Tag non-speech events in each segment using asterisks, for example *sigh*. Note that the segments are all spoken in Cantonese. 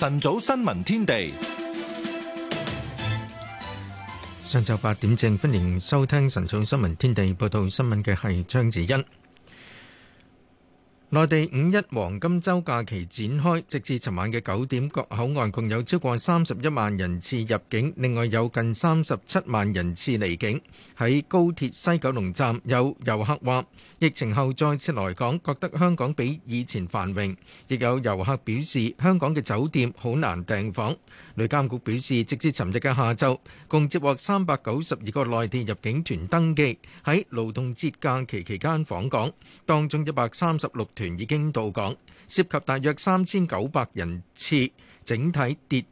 晨早新聞天地，上晝八點正，歡迎收聽晨早新聞天地報導聞。報道新聞嘅係張子欣。內地五一黃金週假期展開，直至尋晚嘅九點，各口岸共有超過三十一萬人次入境，另外有近三十七萬人次離境。喺高鐵西九龍站，有遊客話：疫情後再次來港，覺得香港比以前繁榮。亦有遊客表示，香港嘅酒店好難訂房。旅監局表示，直至尋日嘅下晝，共接獲三百九十二個內地入境團登記喺勞動節假期期間訪港，當中一百三十六團已經到港，涉及大約三千九百人次，整體秩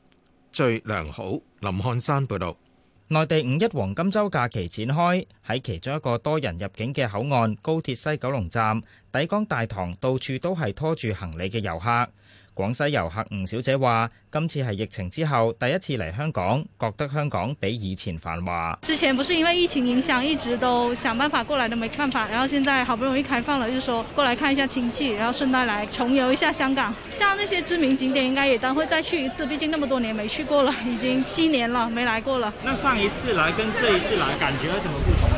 序良好。林漢山報道。內地五一黃金周假期展開，喺其中一個多人入境嘅口岸高鐵西九龍站、抵港大堂，到處都係拖住行李嘅遊客。廣西遊客吳小姐話，今次係疫情之後第一次嚟香港，覺得香港比以前繁華。之前不是因為疫情影響，一直都想辦法過來都沒辦法，然後現在好不容易開放了，就是說過來看一下親戚，然後順帶來重遊一下香港。像那些知名景點，應該也等會再去一次，畢竟那麼多年沒去過了，已經七年了沒來過了。那上一次來跟這一次來，感覺有什麼不同？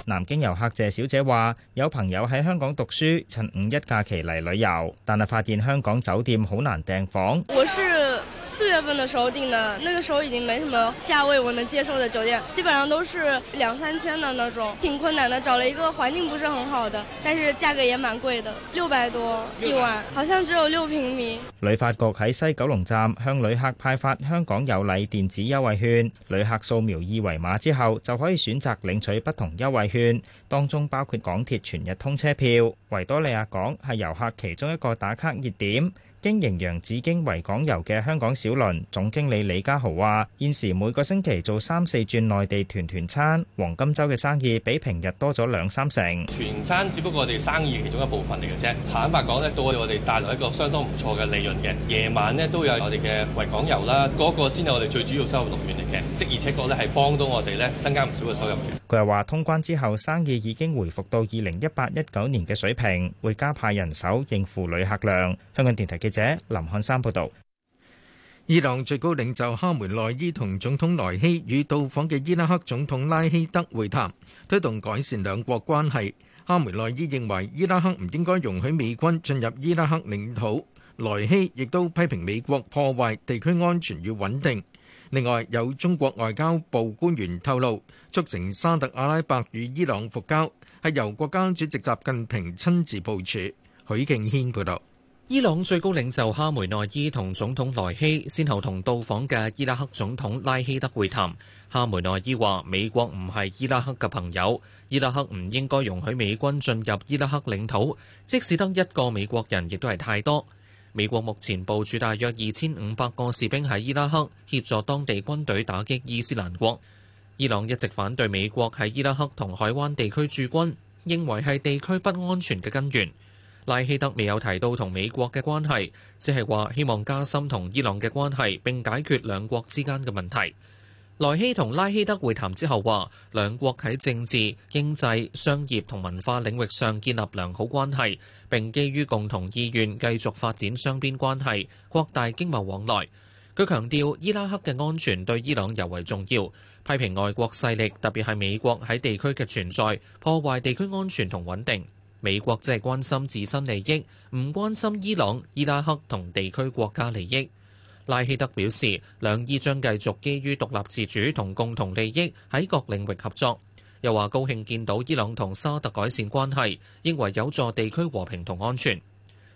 南京遊客謝小姐話：有朋友喺香港讀書，趁五一假期嚟旅遊，但係發現香港酒店好難訂房。我是四月份的時候訂的，那個時候已經沒什麼價位我能接受的酒店，基本上都是兩三千的那種，挺困難的。找了一個環境不是很好的，但是價格也蠻貴的，六百多一晚，好像只有六平米。旅發局喺西九龍站向旅客派發香港有禮電子優惠券，旅客掃描二維碼之後就可以選擇領取不同優惠券。當中包括港鐵全日通車票。維多利亞港係遊客其中一個打卡熱點。經營洋紫荊維港遊嘅香港小輪總經理李家豪話：現時每個星期做三四轉內地團團餐，黃金周嘅生意比平日多咗兩三成。團餐只不過我哋生意其中一部分嚟嘅啫，坦白講咧，都為我哋帶來一個相當唔錯嘅利潤嘅。夜晚咧都有我哋嘅維港遊啦，嗰個先係我哋最主要收入來源嚟嘅，即係而且確咧係幫到我哋咧增加唔少嘅收入嘅。佢又話：通關之後，生意已經回復到二零一八一九年嘅水平，會加派人手應付旅客量。香港電台記者林漢山報導。伊朗最高領袖哈梅內伊同總統萊希與到訪嘅伊拉克總統拉希德會談，推動改善兩國關係。哈梅內伊認為伊拉克唔應該容許美軍進入伊拉克領土，萊希亦都批評美國破壞地區安全與穩定。另外，有中國外交部官員透露，促成沙特阿拉伯與伊朗復交係由國家主席習近平親自部署。許敬軒報導。伊朗最高領袖哈梅內伊同總統萊希，先後同到訪嘅伊拉克總統拉希德會談。哈梅內伊話：美國唔係伊拉克嘅朋友，伊拉克唔應該容許美軍進入伊拉克領土，即使得一個美國人，亦都係太多。美國目前部署大約二千五百個士兵喺伊拉克協助當地軍隊打擊伊斯蘭國。伊朗一直反對美國喺伊拉克同海灣地區駐軍，認為係地區不安全嘅根源。賴希德未有提到同美國嘅關係，只係話希望加深同伊朗嘅關係，並解決兩國之間嘅問題。萊希同拉希德會談之後話，兩國喺政治、經濟、商業同文化領域上建立良好關係，並基於共同意願繼續發展雙邊關係、擴大經貿往來，佢強調伊拉克嘅安全對伊朗尤為重要，批評外國勢力特別係美國喺地區嘅存在破壞地區安全同穩定。美國只係關心自身利益，唔關心伊朗、伊拉克同地區國家利益。拉希德表示，兩伊將繼續基於獨立自主同共同利益喺各領域合作。又話高興見到伊朗同沙特改善關係，認為有助地區和平同安全。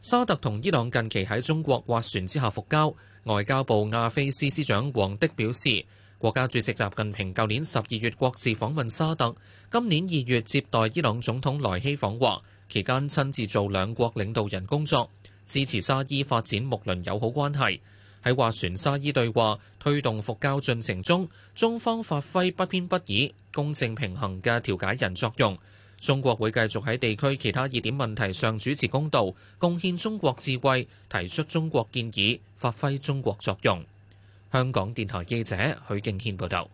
沙特同伊朗近期喺中國斡旋之下復交。外交部亞非司司長王鏑表示，國家主席習近平舊年十二月國事訪問沙特，今年二月接待伊朗總統萊希訪華，期間親自做兩國領導人工作，支持沙伊發展睦鄰友好關係。喺話船沙伊對話推動復交進程中，中方發揮不偏不倚、公正平衡嘅調解人作用。中國會繼續喺地區其他熱點問題上主持公道，貢獻中國智慧，提出中國建議，發揮中國作用。香港電台記者許敬軒報道。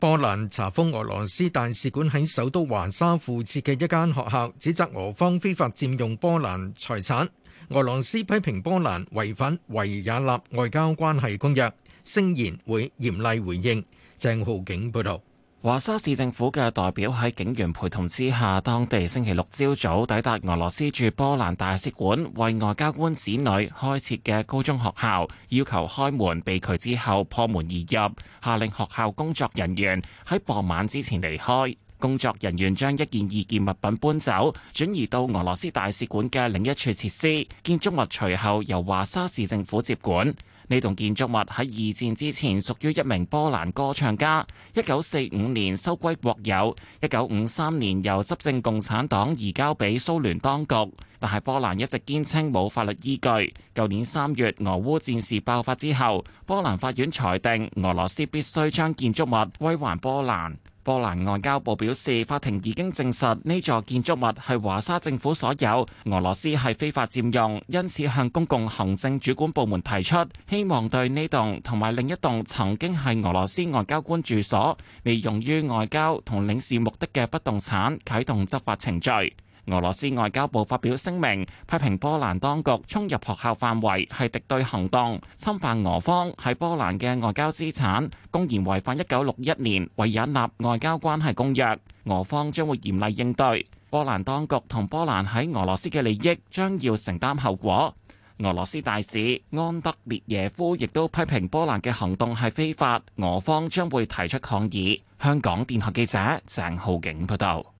波蘭查封俄羅斯大使館喺首都華沙附設嘅一間學校，指責俄方非法佔用波蘭財產。俄羅斯批評波蘭違反維也納外交關係公約，聲言會嚴厲回應。鄭浩景報導。華沙市政府嘅代表喺警員陪同之下，當地星期六朝早抵達俄羅斯駐波蘭大使館，為外交官子女開設嘅高中學校，要求開門被拒之後破門而入，下令學校工作人員喺傍晚之前離開。工作人員將一件二件物品搬走，轉移到俄羅斯大使館嘅另一處設施。建築物隨後由華沙市政府接管。呢棟建築物喺二戰之前屬於一名波蘭歌唱家，一九四五年收歸國有，一九五三年由執政共產黨移交俾蘇聯當局。但係波蘭一直堅稱冇法律依據。舊年三月俄烏戰事爆發之後，波蘭法院裁定俄羅斯必須將建築物歸還波蘭。波蘭外交部表示，法庭已經證實呢座建築物係華沙政府所有，俄羅斯係非法佔用，因此向公共行政主管部門提出希望對呢棟同埋另一棟曾經係俄羅斯外交官住所、未用於外交同領事目的嘅不動產啟動執法程序。俄羅斯外交部發表聲明，批評波蘭當局衝入學校範圍係敵對行動，侵犯俄方喺波蘭嘅外交資產，公然違反一九六一年維也納外交關係公約。俄方將會嚴厲應對，波蘭當局同波蘭喺俄羅斯嘅利益將要承擔後果。俄羅斯大使安德烈耶夫亦都批評波蘭嘅行動係非法，俄方將會提出抗議。香港電台記者鄭浩景報道。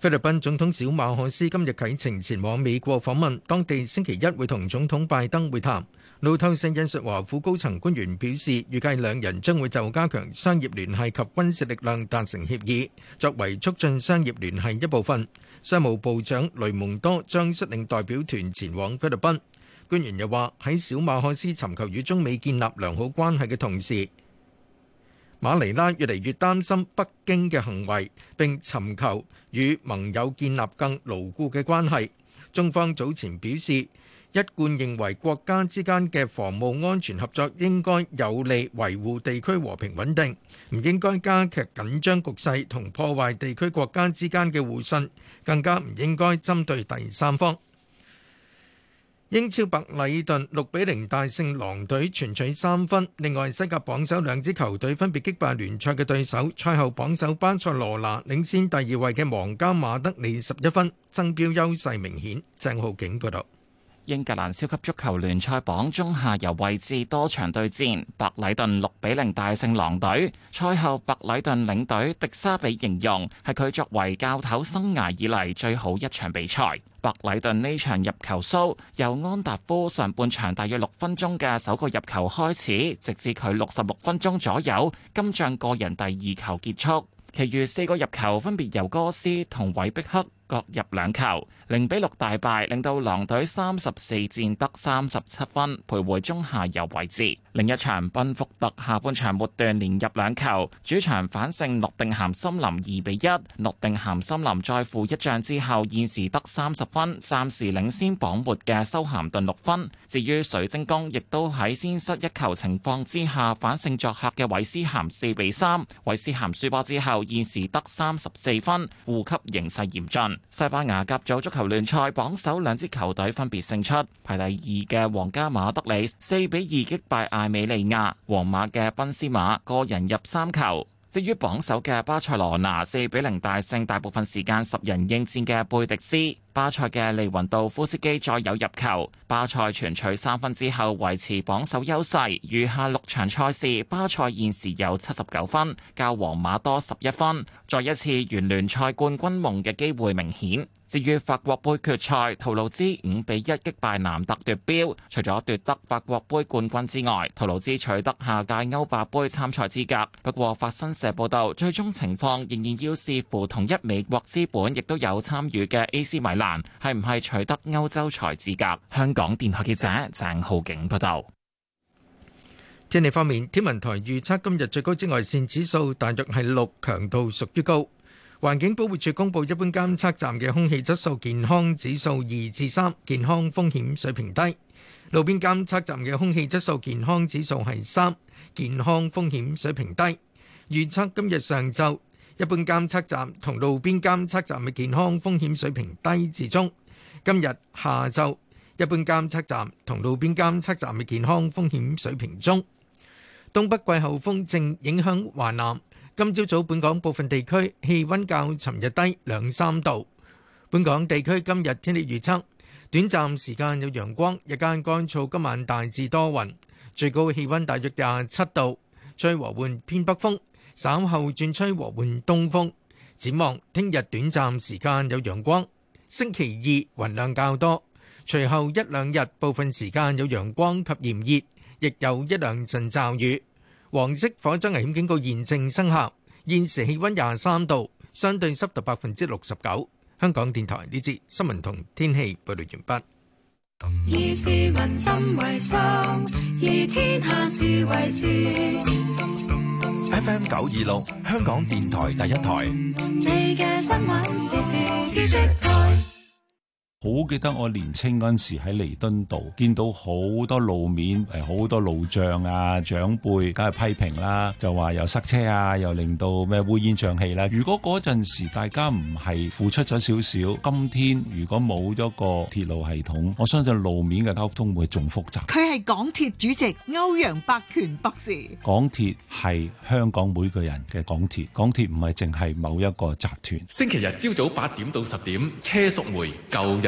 菲律賓總統小馬可斯今日啟程前往美國訪問，當地星期一會同總統拜登會談。路透社引述華府高層官員表示，預計兩人將會就加強商業聯繫及軍事力量達成協議，作為促進商業聯繫一部分。商務部長雷蒙多將率領代表團前往菲律賓。官員又話，喺小馬可斯尋求與中美建立良好關係嘅同時。馬尼拉越嚟越擔心北京的行為並尋求與盟友建立更牢固的關係。中方早前表示，一貫認為國家之間的防務安全合作應該有利維護地區和平穩定，唔應該加劇緊張局勢同破壞地區國家之間的互信，更加唔應該針對第三方。英超白禮頓六比零大勝狼隊，全取三分。另外西甲榜首兩支球隊分別擊敗聯賽嘅對手，賽後榜首巴塞羅那領先第二位嘅皇家馬德里十一分，爭標優勢明顯。鄭浩景報道。英格蘭超級足球聯賽榜中下游位置多場對戰，白禮頓六比零大勝狼隊。賽後，白禮頓領隊迪沙比形容係佢作為教頭生涯以嚟最好一場比賽。白禮頓呢場入球數由安達夫上半場大約六分鐘嘅首個入球開始，直至佢六十六分鐘左右今仗個人第二球結束，其餘四個入球分別由哥斯同韋碧克各入兩球，零比六大敗，令到狼隊三十四戰得三十七分，徘徊中下游位置。另一場德，賓福特下半場末段連入兩球，主場反勝諾定咸森林二比一。諾定咸森林再負一仗之後，現時得三十分，暫時領先榜末嘅修咸頓六分。至於水晶宮，亦都喺先失一球情況之下反勝作客嘅韋斯咸四比三。韋斯咸輸波之後，現時得三十四分，護級形勢嚴峻。西班牙甲組足球聯賽榜首兩支球隊分別勝出，排第二嘅皇家馬德里四比二擊敗艾美利亞，皇馬嘅賓斯馬個人入三球。至於榜首嘅巴塞羅那四比零大勝大部分時間十人應戰嘅貝迪斯。巴塞嘅利雲道夫斯基再有入球，巴塞全取三分之後維持榜首優勢，餘下六場賽事，巴塞現時有七十九分，較皇馬多十一分，再一次圓聯賽冠軍夢嘅機會明顯。至於法國杯決賽，圖魯茲五比一擊敗南特奪標，除咗奪得法國杯冠軍之外，圖魯茲取得下屆歐霸杯參賽資格。不過法新社報道，最終情況仍然要視乎同一美國資本亦都有參與嘅 A.C. 米。難係唔係取得歐洲才資格？香港電台記者鄭浩景報道。天氣方面，天文台預測今日最高紫外線指數大約係六，強度屬於高。環境保護署公布一般監測站嘅空氣質素健康指數二至三，健康風險水平低。路邊監測站嘅空氣質素健康指數係三，健康風險水平低。預測今日上晝。一般監測站同路邊監測站嘅健康風險水平低至中。今日下晝，一般監測站同路邊監測站嘅健康風險水平中。東北季候風正影響華南。今朝早本港部分地區氣温較尋日低兩三度。本港地區今日天氣預測，短暫時間有陽光，日間乾燥，今晚大致多雲，最高氣温大約廿七度，吹和緩偏北風。稍後轉吹和緩東風，展望聽日短暫時間有陽光。星期二雲量較多，隨後一兩日部分時間有陽光及炎熱，亦有一兩陣驟雨。黃色火災危險警告現正生效。現時氣温廿三度，相對濕度百分之六十九。香港電台呢節新聞同天氣報道完畢。FM 九二六，香港電台第一台。好記得我年青嗰陣時喺彌敦道見到好多路面誒，好多路障啊，長輩梗係批評啦，就話又塞車啊，又令到咩烏煙瘴氣啦。如果嗰陣時大家唔係付出咗少少，今天如果冇咗個鐵路系統，我相信路面嘅交通會仲複雜。佢係港鐵主席歐陽伯權博士。港鐵係香港每個人嘅港鐵，港鐵唔係淨係某一個集團。星期日朝早八點到十點，車淑梅舊日。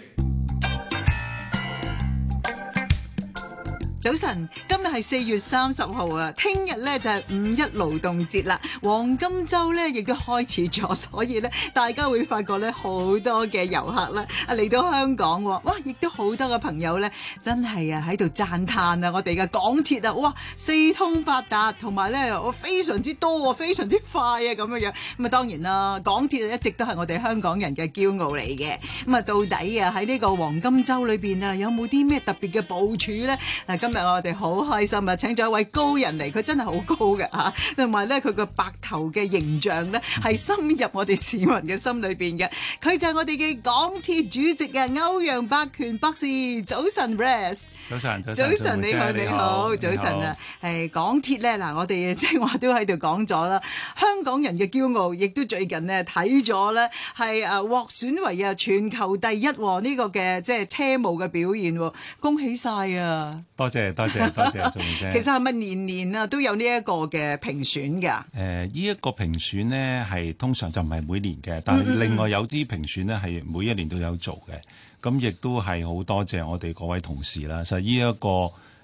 早晨，今日係四月三十號啊，聽日咧就係五一勞動節啦，黃金周咧亦都開始咗，所以咧大家會發覺咧好多嘅遊客啊嚟到香港，哇，亦都好多嘅朋友咧真係啊喺度讚嘆啊我哋嘅港鐵啊，哇，四通八達，同埋咧我非常之多，非常之快啊咁樣樣，咁啊當然啦，港鐵啊一直都係我哋香港人嘅驕傲嚟嘅，咁啊到底啊喺呢個黃金周裏邊啊有冇啲咩特別嘅部署咧？嗱今今日我哋好開心啊，請咗一位高人嚟，佢真係好高嘅，吓，同埋咧佢個白頭嘅形象咧，係深入我哋市民嘅心裏邊嘅。佢就係我哋嘅港鐵主席嘅歐陽伯權博士。早晨 b l 早晨，早晨。你好，你好。早晨啊，係、欸、港鐵咧，嗱，我哋即係話都喺度講咗啦。香港人嘅驕傲，亦都最近呢睇咗咧，係啊獲選為啊全球第一呢，這個嘅即係車務嘅表現，恭喜晒啊！多謝，謝。多謝多謝，多謝 *laughs* 其實係咪年年啊都有呢一個嘅評選嘅？誒、呃、呢、這、一個評選呢係通常就唔係每年嘅，但係另外有啲評選呢係每一年都有做嘅。咁亦都係好多謝我哋各位同事啦。其實呢一、這個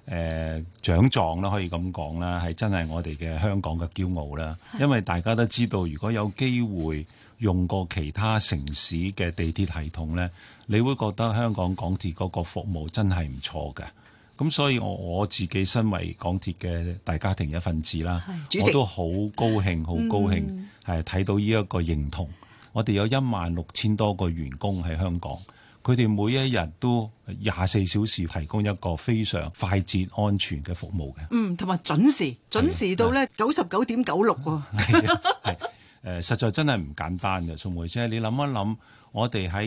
誒獎狀咧，可以咁講啦，係真係我哋嘅香港嘅驕傲啦。因為大家都知道，如果有機會用過其他城市嘅地鐵系統呢，你會覺得香港港鐵嗰個服務真係唔錯嘅。咁所以我我自己身為港鐵嘅大家庭一份子啦，係，主席，我都好高興好高興係睇到呢一個認同。嗯、我哋有一萬六千多個員工喺香港，佢哋每一日都廿四小時提供一個非常快捷安全嘅服務嘅。嗯，同埋準時準時到咧九十九點九六喎。係，誒，實在真係唔簡單嘅宋梅姐，你諗一諗我哋喺。